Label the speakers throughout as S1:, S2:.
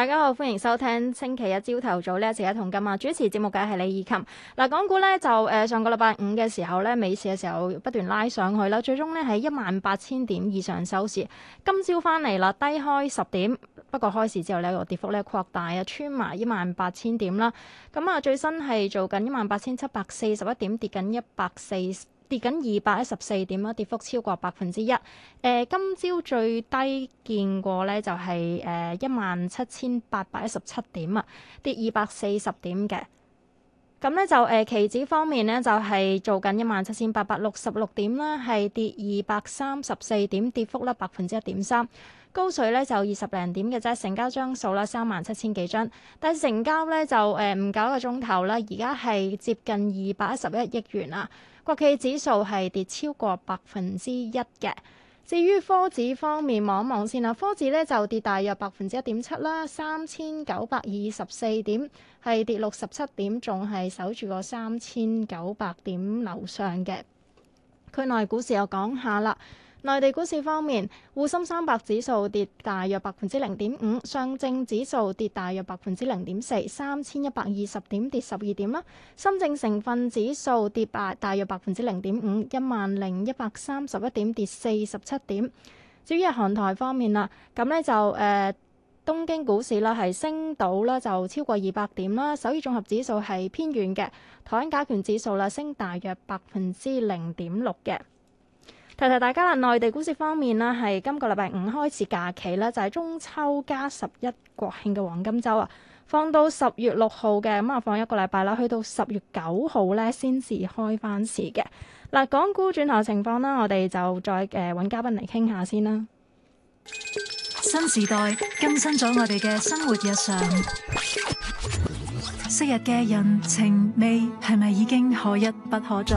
S1: 大家好，歡迎收聽星期一朝頭早呢一節《一桶金》啊！主持節目嘅係李慧芬嗱、啊。港股呢，就誒、呃，上個禮拜五嘅時候呢，美市嘅時候不斷拉上去啦，最終呢喺一萬八千點以上收市。今朝翻嚟啦，低開十點，不過開市之後咧個跌幅呢擴大啊，穿埋一萬八千點啦。咁啊，最新係做緊一萬八千七百四十一點，跌緊一百四。跌緊二百一十四點啊，跌幅超過百分之一。誒、呃，今朝最低見過咧，就係誒一萬七千八百一十七點啊，跌二百四十點嘅。咁咧就誒、呃、期指方面咧，就係、是、做緊一萬七千八百六十六點啦，係跌二百三十四點，跌幅咧百分之一點三。高水咧就二十零點嘅啫，成交張數啦三萬七千幾張，但係成交咧就唔夠一個鐘頭啦，而家係接近二百一十一億元啦。國企指數係跌超過百分之一嘅。至於科指方面，望一望先啦。科指咧就跌大約百分之一點七啦，三千九百二十四點，係跌六十七點，仲係守住個三千九百點樓上嘅。區內股市又講下啦。內地股市方面，滬深三百指數跌大約百分之零點五，上證指數跌大約百分之零點四，三千一百二十點跌十二點啦。深證成分指數跌百大約百分之零點五，一萬零一百三十一點跌四十七點。至於日韓台方面啦，咁咧就誒、呃、東京股市啦係升到啦就超過二百點啦，首爾綜合指數係偏軟嘅，台灣加權指數啦升大約百分之零點六嘅。提提大家啦，內地股市方面咧，係今個禮拜五開始假期啦，就係、是、中秋加十一國慶嘅黃金周啊，放到十月六號嘅，咁、嗯、啊放一個禮拜啦，去到十月九號咧先至開翻市嘅。嗱、啊，港股轉頭情況啦，我哋就再誒揾、呃、嘉賓嚟傾下先啦。新時代更新咗我哋嘅生活日常，昔日嘅人情味係咪已經可一不可再？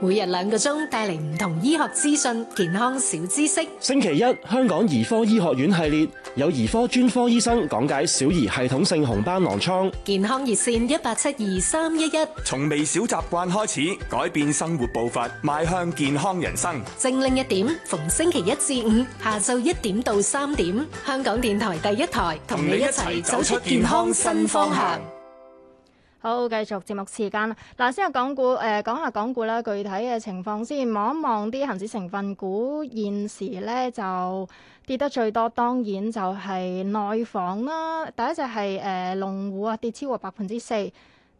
S1: 每日兩個鐘帶嚟唔同醫學資訊、健康小知識。星期一香港兒科醫學院系列有兒科專科醫生講解小兒系統性紅斑狼瘡。健康熱線一八七二三一一。從微小習慣開始，改變生活步伐，邁向健康人生。精靈一點，逢星期一至五下晝一點到三點，香港電台第一台同你一齊走出健康新方向。好，繼續節目時間啦。嗱，先講股，誒、呃、講下港股啦。具體嘅情況先，望一望啲恒指成分股現時咧就跌得最多，當然就係內房啦。第一隻係誒、呃、龍湖啊，跌超過百分之四。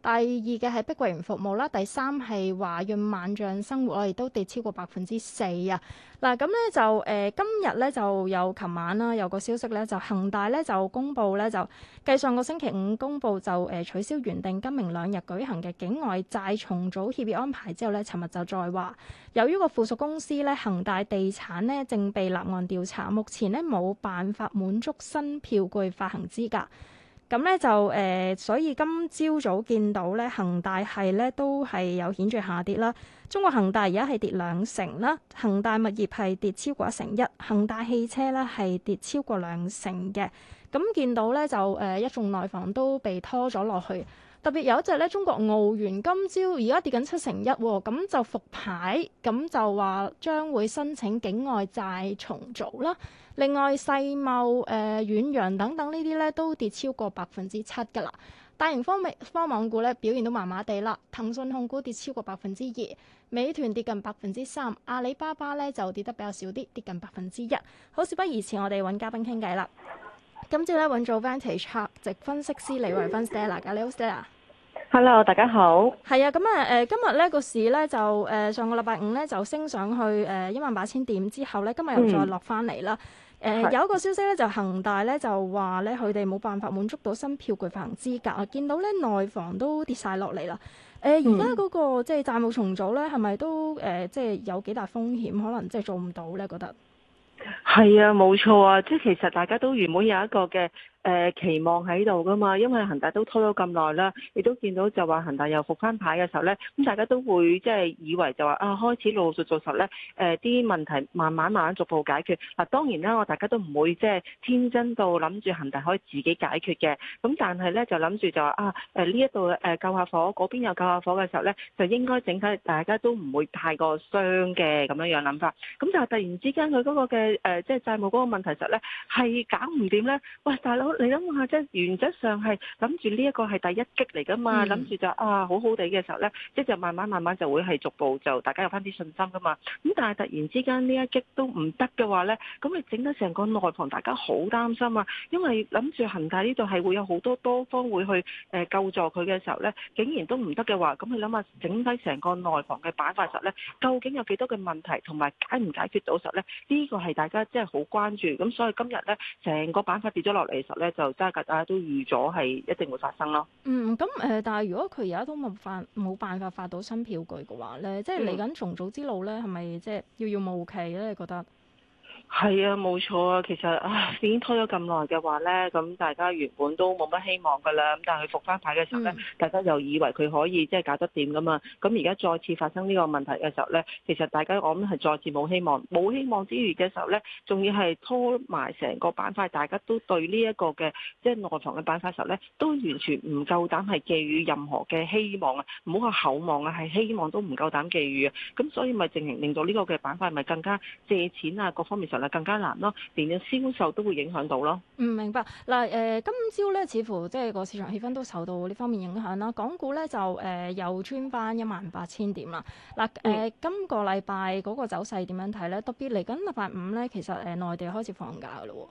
S1: 第二嘅係碧桂園服務啦，第三係華潤萬象生活，我哋都跌超過百分之四啊！嗱，咁咧就誒、呃、今日咧就有琴晚啦有個消息咧就恒大咧就公布咧就繼上個星期五公布就誒、呃、取消原定今明兩日舉行嘅境外債重組協議安排之後咧，尋日就再話由於個附屬公司咧恒大地產咧正被立案調查，目前咧冇辦法滿足新票據發行資格。咁咧就誒、呃，所以今朝早，早見到咧，恒大係咧都係有顯著下跌啦。中國恒大而家係跌兩成啦，恒大物業係跌超過一成一，恒大汽車咧係跌超過兩成嘅。咁見到咧就誒、呃，一眾內房都被拖咗落去。特別有一隻咧，中國奧園今朝而家跌緊七成一喎、哦，咁就復牌，咁就話將會申請境外債重組啦。另外世貿、誒、呃、遠洋等等呢啲咧，都跌超過百分之七噶啦。大型方面，科網股咧表現都麻麻地啦。騰訊控股跌超過百分之二，美團跌近百分之三，阿里巴巴咧就跌得比較少啲，跌近百分之一。好，事不宜遲，我哋揾嘉賓傾偈啦。今朝咧揾咗 Vantage 客值分析師李慧芬 Stella，Hello Stella，Hello
S2: 大家好。
S1: 係啊，咁啊誒，今日咧個市咧就誒上個禮拜五咧就升上去誒一萬八千點之後咧，今日又再落翻嚟啦。誒、呃、是有一個消息咧，就恒大咧就話咧佢哋冇辦法滿足到新票據發行資格啊。見到咧內房都跌晒落嚟啦。誒而家嗰個、嗯、即係債務重組咧，係咪都誒即係有幾大風險？可能即係做唔到咧？覺得。
S2: 係啊，冇錯啊，即係其實大家都原本有一個嘅。誒、呃、期望喺度噶嘛，因為恒大都拖咗咁耐啦，亦都見到就話恒大又復翻牌嘅時候咧，咁大家都會即係以為就話啊開始老老實實咧，誒、呃、啲問題慢慢慢慢逐步解決。嗱、啊、當然啦，我大家都唔會即係天真到諗住恒大可以自己解決嘅。咁但係咧就諗住就話啊誒呢一度誒救下火，嗰邊又救下火嘅時候咧，就應該整體大家都唔會太過傷嘅咁樣樣諗法。咁但係突然之間佢嗰個嘅誒、呃、即係債務嗰個問題實咧係搞唔掂咧？喂，大佬！你諗下，即係原則上係諗住呢一個係第一擊嚟噶嘛，諗住、嗯、就啊好好地嘅時候呢，即就慢慢慢慢就會係逐步就大家有翻啲信心噶嘛。咁但係突然之間呢一擊都唔得嘅話呢，咁你整得成個內房大家好擔心啊，因為諗住恒大呢度係會有好多多方會去誒救助佢嘅時候呢，竟然都唔得嘅話，咁你諗下整低成個內房嘅板塊實呢，究竟有幾多嘅問題同埋解唔解決到實呢？呢、呢個係大家即係好關注，咁所以今日呢，成個板塊跌咗落嚟。咧就真係大家都預咗係一定會發生咯。嗯，
S1: 咁誒、呃，但係如果佢而家都冇發冇辦法發到新票據嘅話咧，即係嚟緊重組之路咧，係咪、嗯、即係遙遙無期咧？你覺得？
S2: 係啊，冇錯啊。其實啊，已經拖咗咁耐嘅話呢，咁大家原本都冇乜希望㗎啦。咁但係佢復翻牌嘅時候呢，嗯、大家又以為佢可以即係、就是、搞得掂噶嘛。咁而家再次發生呢個問題嘅時候呢，其實大家我諗係再次冇希望，冇希望之餘嘅時候呢，仲要係拖埋成個板塊，大家都對呢一個嘅即係內房嘅板塊嘅時候呢，都完全唔夠膽係寄予任何嘅希望啊，唔好話厚望啊，係希望都唔夠膽寄予啊。咁所以咪淨係令到呢個嘅板塊咪更加借錢啊，各方面更加難咯，連嘅銷售都會影響到咯。
S1: 唔明白。嗱，誒，今朝咧，似乎即係個市場氣氛都受到呢方面影響啦。港股咧就誒、呃、又穿翻一萬八千點啦。嗱、呃，誒、嗯，今個禮拜嗰個走勢點樣睇咧？特別嚟緊禮拜五咧，其實誒內地開始放假啦喎。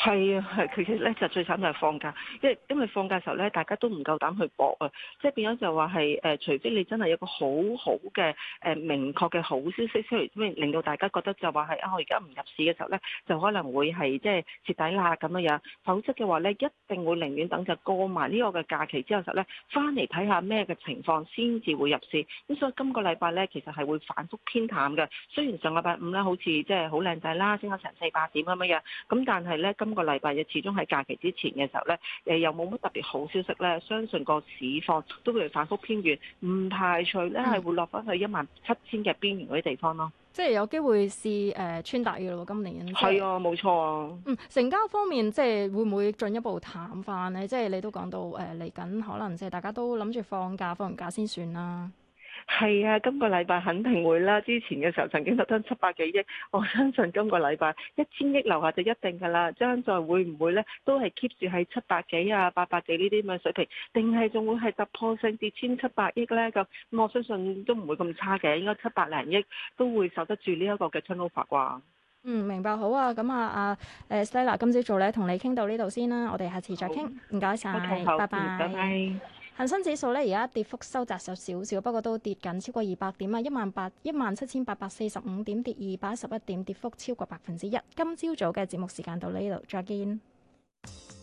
S2: 係啊，係，其實咧就最慘就係放假，因為因為放假時候咧，大家都唔夠膽去搏啊，即係變咗就話係誒，除非你真係有個好好嘅誒明確嘅好消息出嚟，咁令到大家覺得就話係啊，我而家唔入市嘅時候咧，就可能會係即係蝕底啦咁樣樣。否則嘅話咧，一定會寧願等就過埋呢個嘅假期之後實咧，翻嚟睇下咩嘅情況先至會入市。咁所以今個禮拜咧，其實係會反覆偏淡嘅。雖然上個禮拜五咧，好似即係好靚仔啦，升咗成四百點咁樣樣，咁但係咧，今。今個禮拜嘅始終喺假期之前嘅時候咧，誒又冇乜特別好消息咧，相信個市況都會反覆偏軟，唔排除咧係會落翻去一萬七千嘅邊緣嗰啲地方咯、
S1: 嗯。即係有機會試誒、呃、穿達嘅咯，今年係是啊，
S2: 冇錯、啊。嗯，
S1: 成交方面即係會唔會進一步淡翻咧？即係你都講到誒嚟緊可能即係大家都諗住放假放完假先算啦。
S2: 係啊，今個禮拜肯定會啦。之前嘅時候曾經就破七百幾億，我相信今個禮拜一千億留下就一定噶啦。將在會唔會呢？都係 keep 住喺七百幾啊、八百幾呢啲咁嘅水平，定係仲會係突破成至千七百億呢？咁我相信都唔會咁差嘅，應該七百零億都會守得住呢一個嘅 turnover 啩。嗯，
S1: 明白好啊。咁啊啊，誒，西娜今朝早呢，同你傾到呢度先啦。我哋下次再傾。唔該曬，okay, 拜拜。拜拜拜拜。恒生指數咧，而家跌幅收窄咗少少，不過都跌緊，超過二百點啊！一萬八、一萬七千八百四十五點，跌二百一十一點，跌幅超過百分之一。今朝早嘅節目時間到呢度，再見。